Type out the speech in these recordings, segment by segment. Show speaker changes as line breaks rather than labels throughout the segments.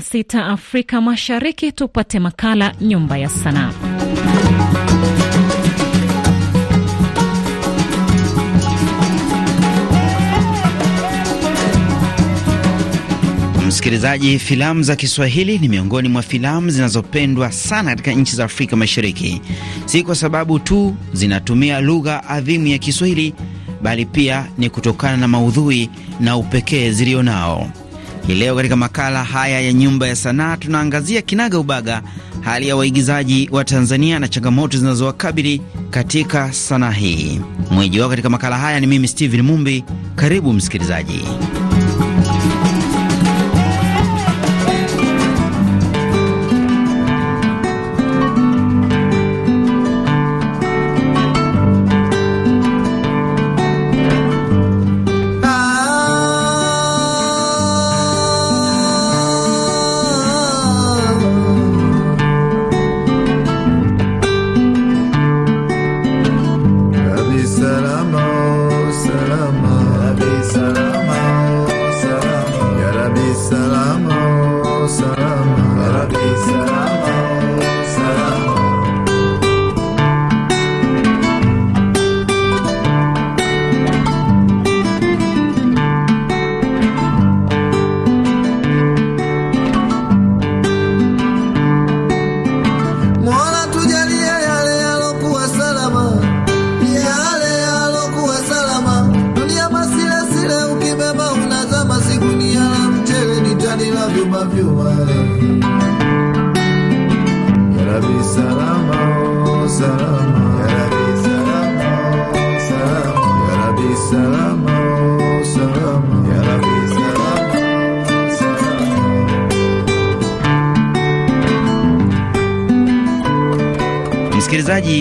saa sita Afrika Mashariki tupate makala Nyumba ya Sanaa.
Msikilizaji, filamu za Kiswahili ni miongoni mwa filamu zinazopendwa sana katika nchi za Afrika Mashariki, si kwa sababu tu zinatumia lugha adhimu ya Kiswahili, bali pia ni kutokana na maudhui na upekee zilionao. Hii leo katika makala haya ya nyumba ya sanaa tunaangazia kinaga ubaga hali ya waigizaji wa Tanzania na changamoto zinazowakabili katika sanaa hii. Mwenyeji wao katika makala haya ni mimi Steven Mumbi. Karibu msikilizaji.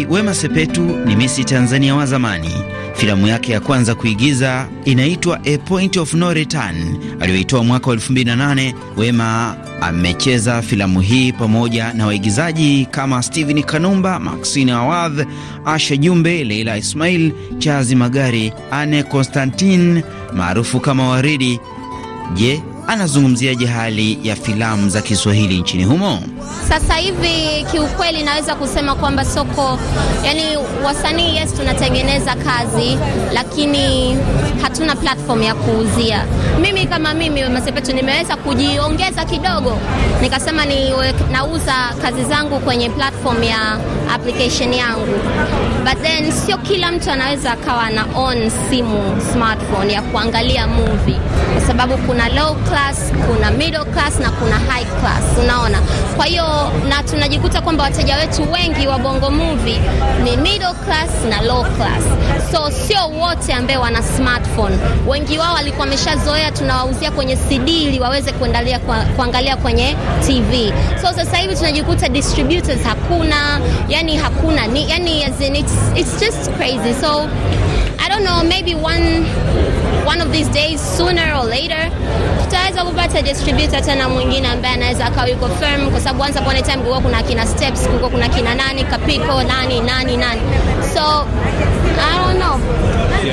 Wema Sepetu ni misi Tanzania wa zamani. Filamu yake ya kwanza kuigiza inaitwa A Point of No Return aliyoitoa mwaka wa 2008. Wema amecheza filamu hii pamoja na waigizaji kama Steven Kanumba, Maxine Awadh, Asha Jumbe, Leila Ismail, Chazi Magari, Anne Constantine maarufu kama Waridi. Je, anazungumziaje hali ya filamu za Kiswahili nchini humo
sasa hivi? Kiukweli naweza kusema kwamba soko, yani wasanii yes, tunatengeneza kazi lakini hatuna platform ya kuuzia. Mimi kama mimi Masepetu nimeweza kujiongeza kidogo, nikasema ni nauza kazi zangu kwenye platform ya application yangu, but then sio kila mtu anaweza akawa na own simu smartphone ya kuangalia movie kwa sababu kuna low class class, kuna middle class na kuna high class, unaona. Kwa hiyo na tunajikuta kwamba wateja wetu wengi wa Bongo Movie ni middle class na low class, so sio wote ambao wana smartphone. Wengi wao walikuwa wameshazoea tunawauzia kwenye CD ili waweze kuendelea kuangalia kwenye TV. So sasa hivi tunajikuta distributors hakuna, yani hakuna ni, yani it's, it's just crazy so I don't know, maybe one, one of these days sooner or later tutaweza kupata distributor tena mwingine ambaye anaweza akawa yuko firm, kwa sababu once upon a time kulikuwa kuna kina steps, kulikuwa kuna kina nani kapiko nani nani nani so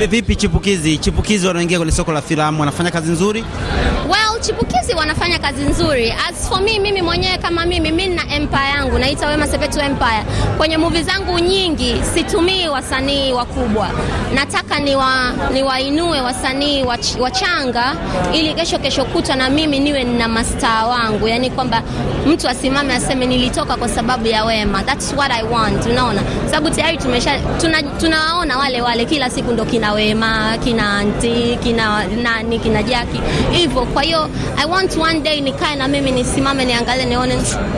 Vipi chipukizi? Chipukizi wanaingia kwenye soko la filamu wanafanya kazi nzuri?
Well, chipukizi wanafanya kazi nzuri. As for me, mimi mwenyewe kama mimi, mimi na empire yangu naita Wema Sepetu Empire. Kwenye movie zangu nyingi situmii wasanii wakubwa, nataka niwainue wa, ni wasanii wachanga ili kesho kesho kuta na mimi niwe na mastaa wangu, yani kwamba mtu asimame aseme nilitoka kwa sababu ya Wema. That's what I want, unaona, sababu tayari tumesha tunawaona tuna kina wale wale, kila siku ndo kina Wema, kina anti, kina nani, kina Jaki hivyo. Kwa hiyo I want one day nikae na mimi nisimame niangalie nione,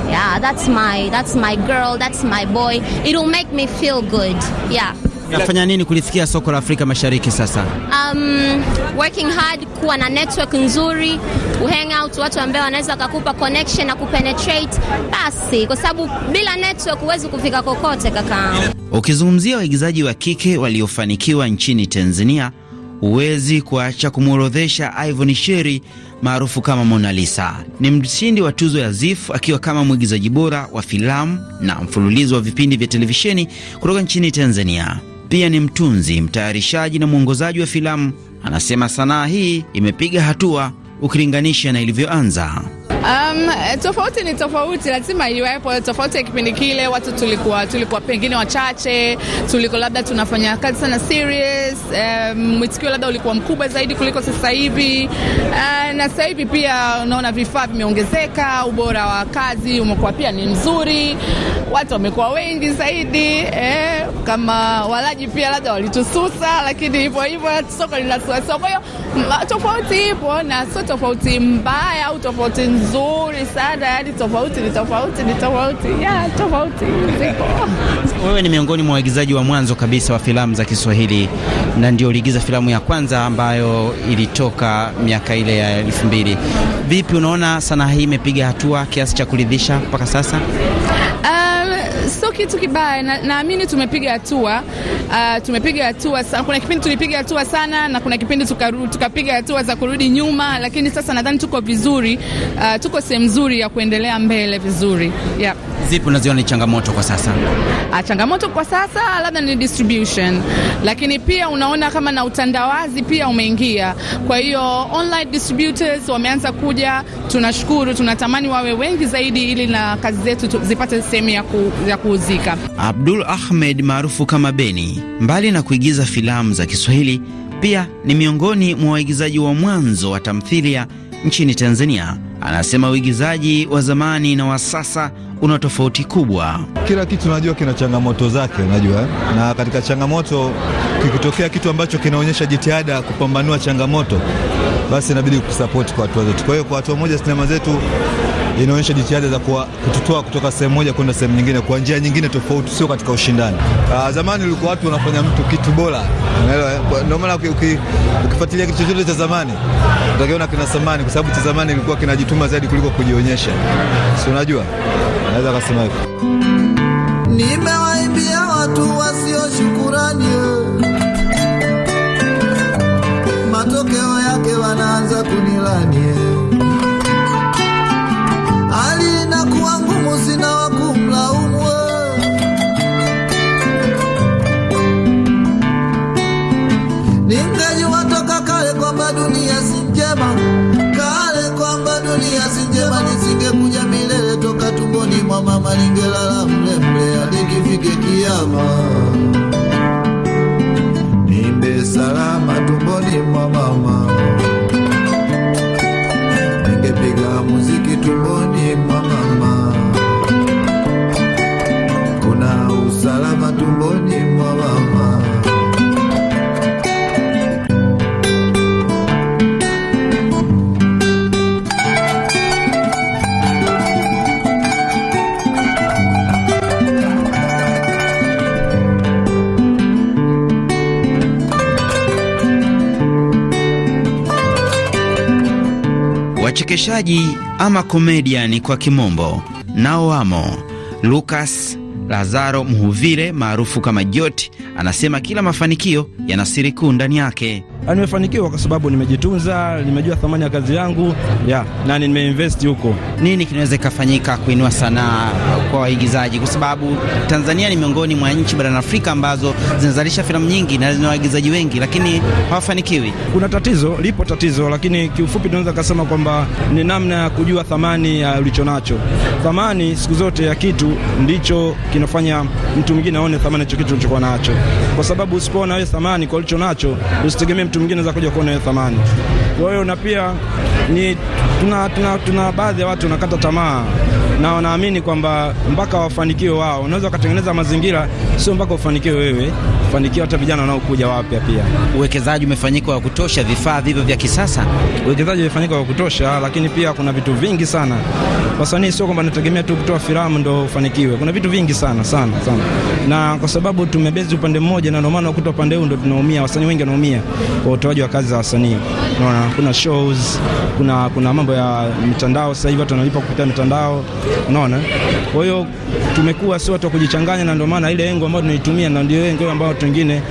yeah, that's my that's my girl, that's my boy, it will make me feel good yeah.
Unafanya nini kulifikia soko la Afrika Mashariki sasa?
Um, working hard, kuwa na network nzuri, hang out watu ambao wanaweza kukupa connection na kupenetrate basi, kwa sababu bila network huwezi kufika kokote kaka.
Ukizungumzia waigizaji wa kike waliofanikiwa nchini Tanzania, huwezi kuacha kumworodhesha Ivon Sheri maarufu kama Mona Lisa. Ni mshindi wa tuzo ya ZIFF akiwa kama mwigizaji bora wa filamu na mfululizo wa vipindi vya televisheni kutoka nchini Tanzania pia ni mtunzi, mtayarishaji na mwongozaji wa filamu, anasema sanaa hii imepiga hatua ukilinganisha na ilivyoanza.
Um, tofauti ni tofauti, lazima iwepo tofauti. Ya kipindi kile watu tulikuwa tulikuwa pengine wachache, tuliko labda tunafanya kazi sana serious, um, mwitikio um, labda ulikuwa mkubwa zaidi kuliko sasa hivi. Uh, na sasa hivi pia unaona vifaa vimeongezeka, ubora wa kazi umekuwa pia ni mzuri, watu wamekuwa wengi zaidi. Eh, kama walaji pia labda walitususa, lakini hivyo hivyo soko linasuasua. Kwa hiyo tofauti ipo na sio tofauti mbaya au tofauti nzuri nzuri sana, yani tofauti ni tofauti ni tofauti ya tofauti ziko.
Wewe ni miongoni mwa waigizaji wa mwanzo kabisa wa filamu za Kiswahili na ndio uliigiza filamu ya kwanza ambayo ilitoka miaka ile ya elfu mbili. Vipi unaona sanaa hii imepiga hatua kiasi cha kuridhisha mpaka sasa?
Um, so kitu kibaya. Naamini na tumepiga hatua uh, tumepiga hatua Kuna kipindi tulipiga hatua sana na kuna kipindi tukapiga tuka hatua za kurudi nyuma, lakini sasa nadhani tuko vizuri uh, tuko sehemu nzuri ya kuendelea mbele vizuri yep.
Zipi unaziona ni changamoto kwa sasa?
A, ah, changamoto kwa sasa labda ni distribution, lakini pia unaona kama na utandawazi pia umeingia, kwa hiyo online distributors wameanza kuja. Tunashukuru, tunatamani wawe wengi zaidi, ili na kazi zetu zipate sehemu ya kuuza kupumzika.
Abdul Ahmed maarufu kama Beni, mbali na kuigiza filamu za Kiswahili, pia ni miongoni mwa waigizaji wa mwanzo wa tamthilia nchini Tanzania. Anasema uigizaji wa zamani na wa sasa una tofauti kubwa.
Kila kitu unajua kina changamoto zake, unajua, na katika changamoto kikitokea kitu ambacho kinaonyesha jitihada kupambanua changamoto, basi inabidi kusapoti kwa watu wetu. Kwa hiyo kwa hatua moja sinema zetu inaonyesha jitihada za kututoa kutoka sehemu moja kwenda sehemu nyingine kwa njia nyingine tofauti, sio katika ushindani. Uh, zamani ulikuwa watu wanafanya mtu kitu bora, unaelewa. Eh? Ndio maana ukifuatilia kitu chochote cha zamani utakiona kina samani, kwa sababu cha zamani ilikuwa kinajituma zaidi kuliko kujionyesha, si unajua, naweza kusema hivyo. Nimewaibia watu wasio shukurani, matokeo yake wanaanza kunilania. mama Lingela la mlemle hadi kifike kiama.
wachekeshaji ama comedian kwa kimombo nao wamo. Lucas Lazaro Mhuvile maarufu kama Joti anasema kila mafanikio yana siri kuu ndani yake.
Ah, nimefanikiwa kwa sababu nimejitunza, nimejua thamani ya kazi yangu yeah, na nimeinvest huko. Nini
kinaweza kufanyika kuinua sanaa kwa waigizaji? Kwa sababu Tanzania ni miongoni mwa nchi
barani Afrika ambazo zinazalisha filamu nyingi na zina waigizaji wengi, lakini hawafanikiwi. Kuna tatizo, lipo tatizo, lakini kiufupi tunaweza kusema kwamba ni namna ya kujua thamani ya ulichonacho. Thamani siku zote ya kitu ndicho kinafanya mtu mwingine aone thamani ya kitu ulichokuwa nacho, kwa sababu usipoona wewe thamani kwa ulichonacho usitegemee mtu mwingine anaweza kuja kuona hiyo thamani. Kwa hiyo na pia ni tuna, tuna, tuna baadhi ya watu wanakata tamaa na wanaamini kwamba mpaka wafanikiwe wao. Unaweza ukatengeneza mazingira, sio mpaka ufanikiwe wewe, ufanikiwe hata vijana wanaokuja wapya pia. Uwekezaji umefanyika wa kutosha, vifaa vivyo vya kisasa, uwekezaji umefanyika wa kutosha, lakini pia kuna vitu vingi sana. Wasanii sio kwamba nategemea tu kutoa filamu ndo ufanikiwe, kuna vitu vingi sana sana sana, na kwa sababu tumebezi upande mmoja, na ndio maana ukuta upande huu ndo tunaumia, wasanii wengi wanaumia kwa utoaji wa kazi za wasanii, unaona kuna shows, kuna kuna mambo ya mitandao. Sasa hivi watu wanalipa kupitia mitandao, unaona. Kwa hiyo tumekuwa si watu wa kujichanganya, na ndio maana ile engo ambayo tunaitumia na ndio engo ambayo watu wengine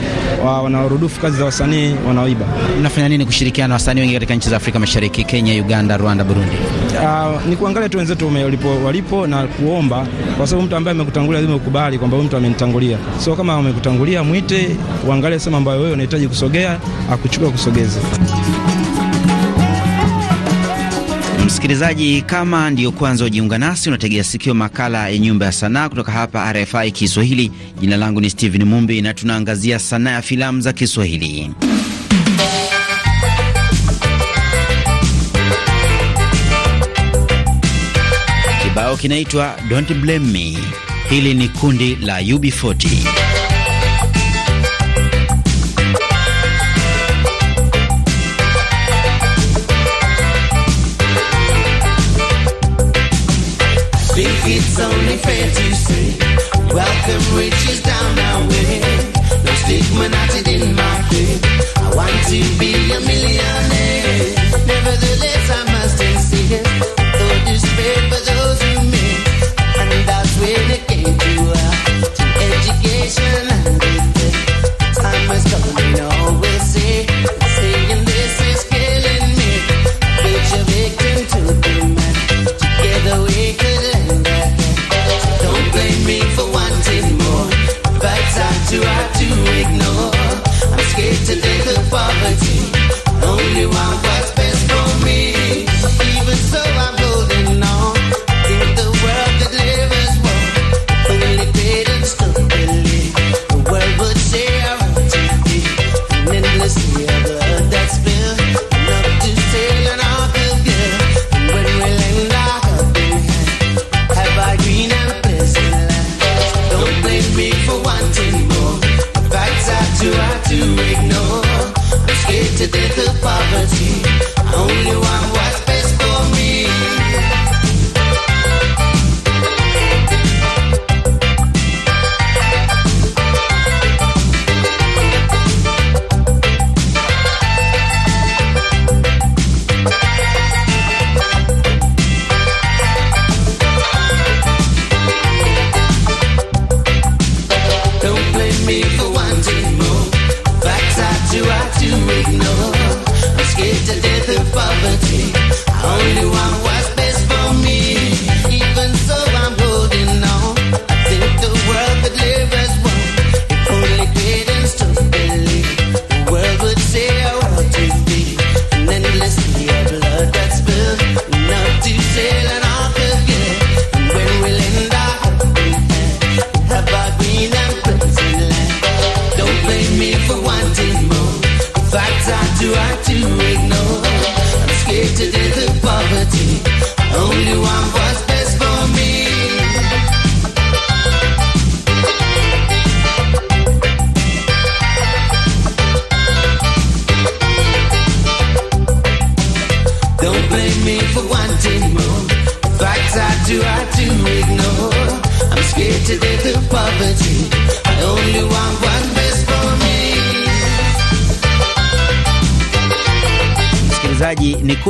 wa, wanarudufu kazi za wasanii wanaoiba. Mnafanya nini kushirikiana na wasanii wengi katika nchi za Afrika Mashariki, Kenya, Uganda, Rwanda, Burundi? Uh, ni kuangalia tu wenzetu walipo, walipo na kuomba, kwa sababu mtu ambaye amekutangulia lazima ukubali kwamba huyu mtu amenitangulia. So kama amekutangulia mwite, uangalie sema ambayo wewe unahitaji kusogea, akuchukua kusogeze. Msikilizaji, kama ndiyo kwanza
ujiunga nasi, unategea sikio makala ya Nyumba ya Sanaa kutoka hapa RFI Kiswahili. Jina langu ni Steven Mumbi na tunaangazia sanaa ya filamu za Kiswahili. Kibao kinaitwa Don't Blame Me. Hili ni kundi la UB40.
It's only fair to say, welcome riches down our way. No stigma knotted in my faith. I want to be a millionaire. Nevertheless, I must insist. Though despair for those who miss, and that's when it came to, uh, to education and business. I must only know.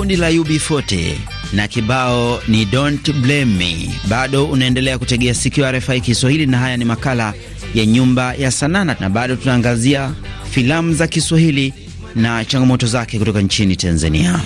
kundi la UB40 na kibao ni Don't Blame Me. Bado unaendelea kutegea sikio RFI Kiswahili, na haya ni makala ya Nyumba ya Sanaa, na bado tunaangazia filamu za Kiswahili na changamoto zake kutoka nchini Tanzania.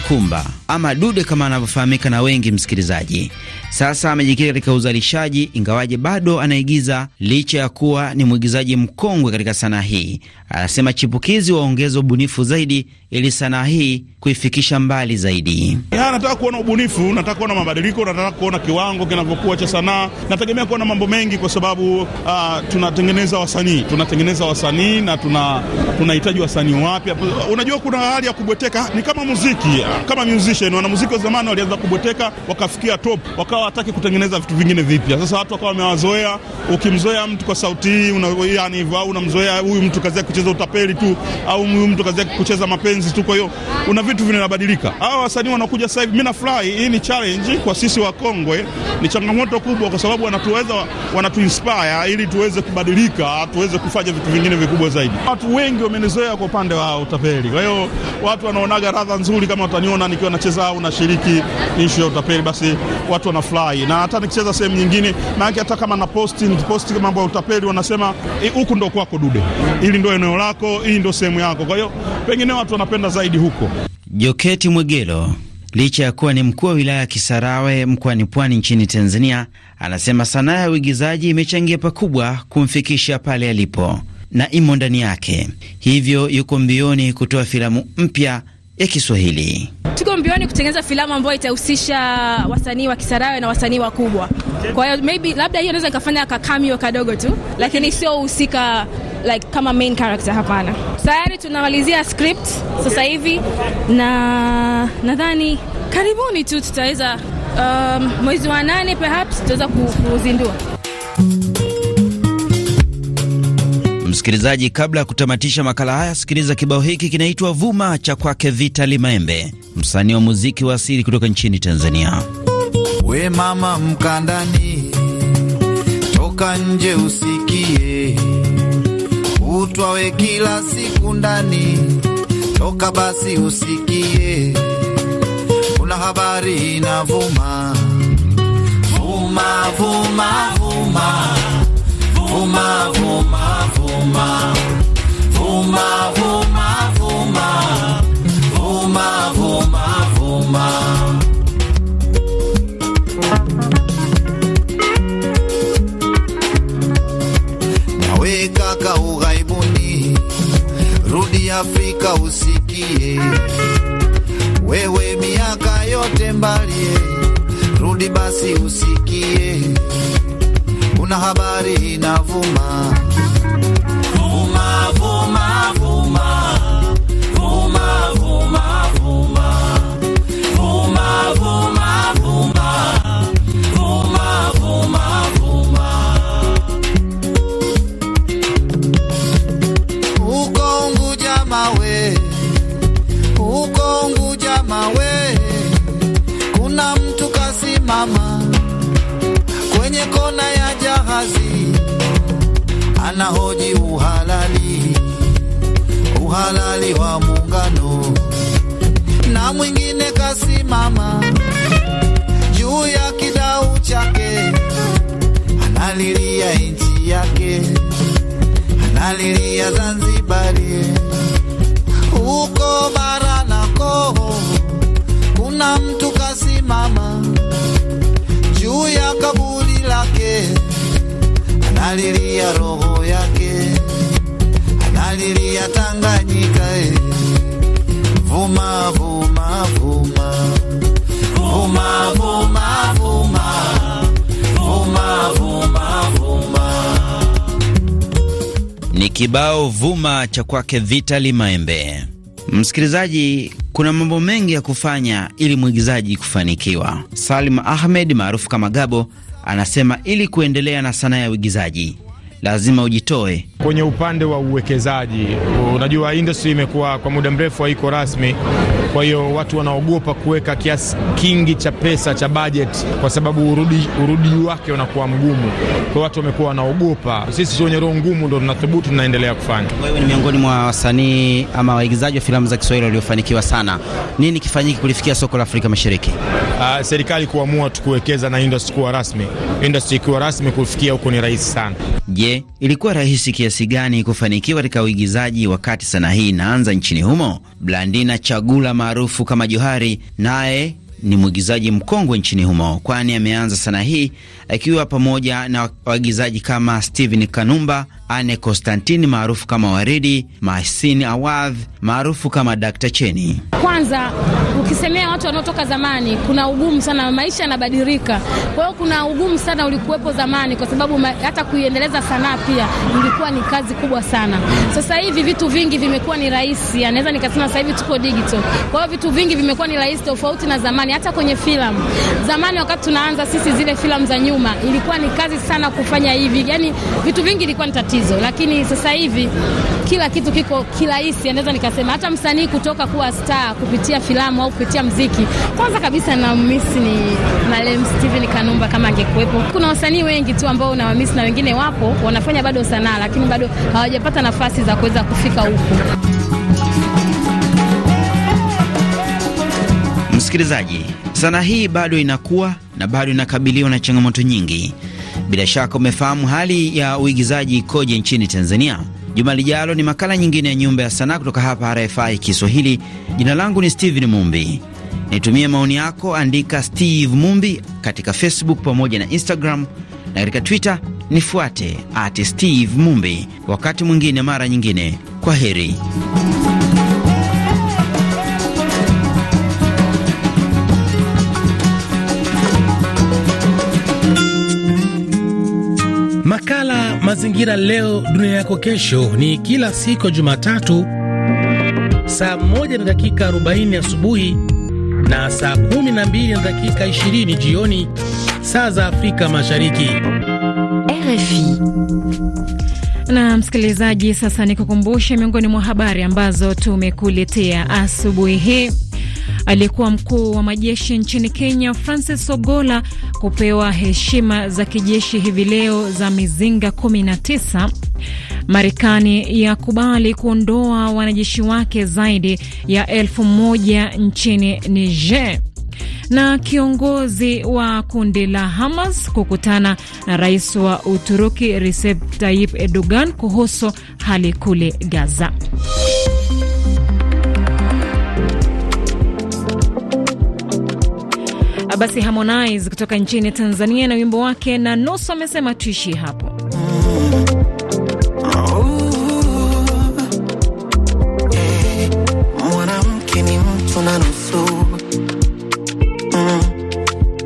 Kikumba ama Dude kama anavyofahamika na wengi msikilizaji, sasa amejikita katika uzalishaji, ingawaje bado anaigiza licha ya kuwa ni mwigizaji mkongwe katika sanaa hii. Anasema chipukizi waongeze ubunifu zaidi ili sanaa hii kuifikisha mbali
zaidi. Ya, nataka kuona ubunifu, nataka kuona mabadiliko, nataka kuona kiwango kinavyokuwa cha sanaa. Nategemea kuona mambo mengi kwa sababu uh, tunatengeneza wasanii, tunatengeneza wasanii na tunahitaji tuna wasanii wapya. Unajua kuna hali ya kubweteka, ni kama muziki kama musician. Wanamuziki wa zamani walianza kuboteka, wakafikia top, wakawa hataki kutengeneza vitu vingine vipya. Sasa watu wakawa wamewazoea. Ukimzoea mtu kwa sauti hii una, yani hivyo, au unamzoea huyu mtu kazi yake kucheza utapeli tu, au huyu mtu kazi yake kucheza mapenzi tu. Kwa hiyo una vitu vinabadilika. Hawa wasanii wanakuja sasa hivi, mimi nafurahi. Hii ni challenge kwa sisi wakongwe, ni changamoto kubwa, kwa sababu wanatuweza, wanatuinspire ili tuweze kubadilika, tuweze kufanya vitu vingine vikubwa zaidi. Watu wengi wamenizoea kwa upande wa utapeli, kwa hiyo watu wanaonaga radha nzuri kama utaniona nikiwa nacheza au nashiriki issue ya utapeli, basi watu wanafurahi, na hata nikicheza sehemu nyingine, maana hata kama na posti, nikiposti mambo ya utapeli wanasema eh, huku ndo kwako dude, ili ndo eneo lako, hii ndo sehemu yako. Kwa hiyo pengine watu wanapenda zaidi huko.
Joketi Mwegelo licha ya kuwa ni mkuu wa wilaya ya Kisarawe mkoani Pwani nchini Tanzania, anasema sanaa ya uigizaji imechangia pakubwa kumfikisha pale alipo na imo ndani yake, hivyo yuko mbioni kutoa filamu mpya ya Kiswahili.
Tuko mbioni kutengeneza filamu ambayo itahusisha wasanii wa Kisarawe na wasanii wakubwa. Kwa hiyo maybe labda hiyo naweza ka cameo kadogo tu, lakini sio husika like kama main character, hapana. Tayari tunamalizia script sasa hivi na nadhani karibuni tu tutaweza, um, mwezi wa nane perhaps tutaweza kuzindua.
Msikilizaji, kabla ya kutamatisha makala haya, sikiliza kibao hiki kinaitwa Vuma cha kwake Vitali Maembe, msanii wa muziki wa asili kutoka nchini Tanzania.
We mama mkandani, toka nje usikie, utwawe kila siku ndani, toka basi usikie, kuna habari inavuma, vuma vuma vuma Vuma, ughaibuni, rudi Afrika usikie. Wewe miaka yote mbali, rudi basi usikie. Una habari inavuma love all
my
kibao vuma cha kwake Vitali Maembe. Msikilizaji, kuna mambo mengi ya kufanya ili mwigizaji kufanikiwa. Salim Ahmed maarufu kama Gabo anasema ili kuendelea na sanaa ya uigizaji lazima ujitoe Kwenye upande wa uwekezaji,
unajua industry imekuwa kwa muda mrefu haiko rasmi, kwa hiyo watu wanaogopa kuweka kiasi kingi cha pesa cha budget, kwa sababu urudi, urudi wake unakuwa mgumu, kwa watu wamekuwa wanaogopa. Sisi wenye roho ngumu ndo tunathubutu, tunaendelea kufanya. Wewe ni miongoni
mwa wasanii ama waigizaji wa filamu za Kiswahili waliofanikiwa sana, nini kifanyiki kulifikia soko la Afrika Mashariki? Uh, serikali kuamua tukuwekeza na industry kuwa rasmi, industry kuwa rasmi kufikia huko ni rahisi sana. Je, ilikuwa rahisi kiasi kiasi gani kufanikiwa katika uigizaji wakati sanaa hii inaanza nchini humo? Blandina Chagula maarufu kama Johari naye ni mwigizaji mkongwe nchini humo, kwani ameanza sanaa hii akiwa pamoja na waigizaji kama Steven Kanumba Anne Konstantini maarufu kama Waridi, Masin Awadh maarufu kama Dr. Cheni.
Kwanza ukisemea watu wanaotoka zamani, kuna ugumu sana, maisha yanabadilika. Kwa hiyo kuna ugumu sana ulikuwepo zamani, kwa sababu ma, hata kuiendeleza sanaa pia ilikuwa ni kazi kubwa sana. Sasa hivi vitu vingi vimekuwa ni rahisi, anaweza nikasema sasa hivi tuko digital. Kwa hiyo vitu vingi vimekuwa ni rahisi tofauti na zamani, hata kwenye filamu. Zamani wakati tunaanza sisi, zile filamu za nyuma, ilikuwa ni kazi sana kufanya hivi, yani vitu vingi ilikuwa ni tatizo tatizo, lakini sasa hivi kila kitu kiko kirahisi, anaweza nikasema hata msanii kutoka kuwa star kupitia filamu au kupitia mziki. Kwanza kabisa miss ni Malem Steven Kanumba, kama angekuwepo. Kuna wasanii wengi tu ambao na miss na wengine wapo wanafanya bado sanaa, lakini bado hawajapata nafasi za kuweza kufika
huko.
Msikilizaji, sanaa hii bado inakuwa na bado inakabiliwa na changamoto nyingi bila shaka umefahamu hali ya uigizaji ikoje nchini Tanzania. Juma lijalo ni makala nyingine ya Nyumba ya Sanaa kutoka hapa RFI Kiswahili. Jina langu ni Steven Mumbi. Nitumie maoni yako, andika Steve Mumbi katika Facebook pamoja na Instagram, na katika Twitter nifuate at Steve Mumbi. Wakati mwingine, mara nyingine, kwa heri.
Makala Mazingira Leo Dunia Yako Kesho ni kila siku Jumatatu saa 1 na dakika 40 asubuhi na saa 12 na dakika 20 jioni saa za Afrika Mashariki.
RFI na msikilizaji, sasa nikukumbushe miongoni mwa habari ambazo tumekuletea asubuhi hii aliyekuwa mkuu wa majeshi nchini Kenya Francis Ogola kupewa heshima za kijeshi hivi leo za mizinga 19. Marekani yakubali kuondoa wanajeshi wake zaidi ya elfu moja nchini Niger na kiongozi wa kundi la Hamas kukutana na rais wa Uturuki Recep Tayyip Erdogan kuhusu hali kule Gaza. Ah, basi Harmonize kutoka nchini Tanzania na wimbo wake na nusu amesema tuishi hapo. Oh, mwanamke ni mtu na nusu,
mm,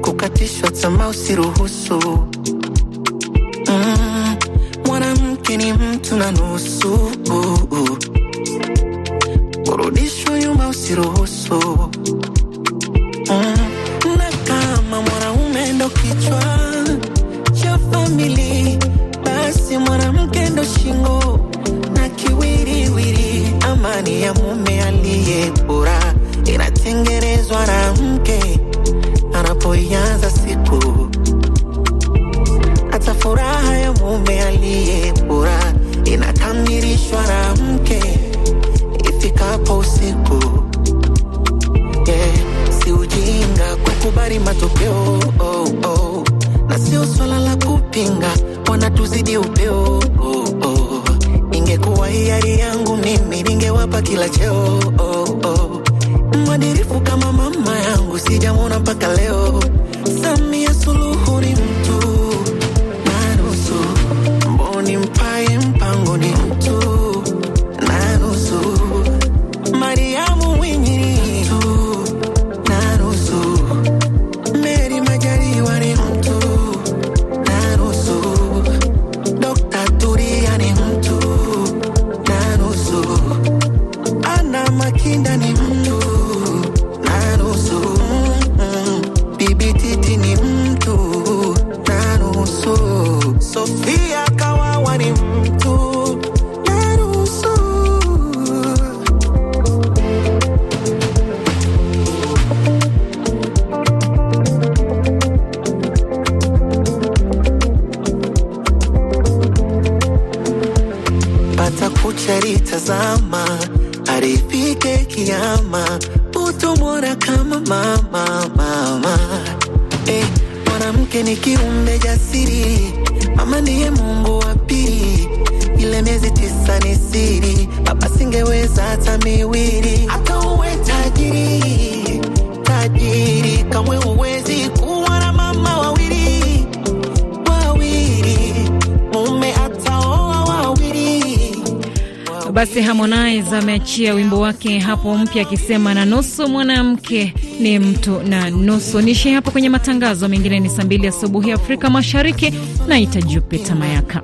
kukatishwa tamaa usiruhusu. Mm, mwanamke ni mtu na nusu ni kiumbe jasiri, mama ndiye Mungu wa pili. Ile miezi tisa ni siri, baba singeweza hata miwili. Hata uwe tajiri tajiri, kamwe uwezi kuwa na mama wawili wawili,
mume ataoa wawili. Basi Harmonize ameachia wimbo wake hapo mpya akisema na nusu mwanamke ni mtu na nusu. Nishe hapo kwenye matangazo mengine, ni saa mbili asubuhi Afrika Mashariki. Naita Jupita Mayaka.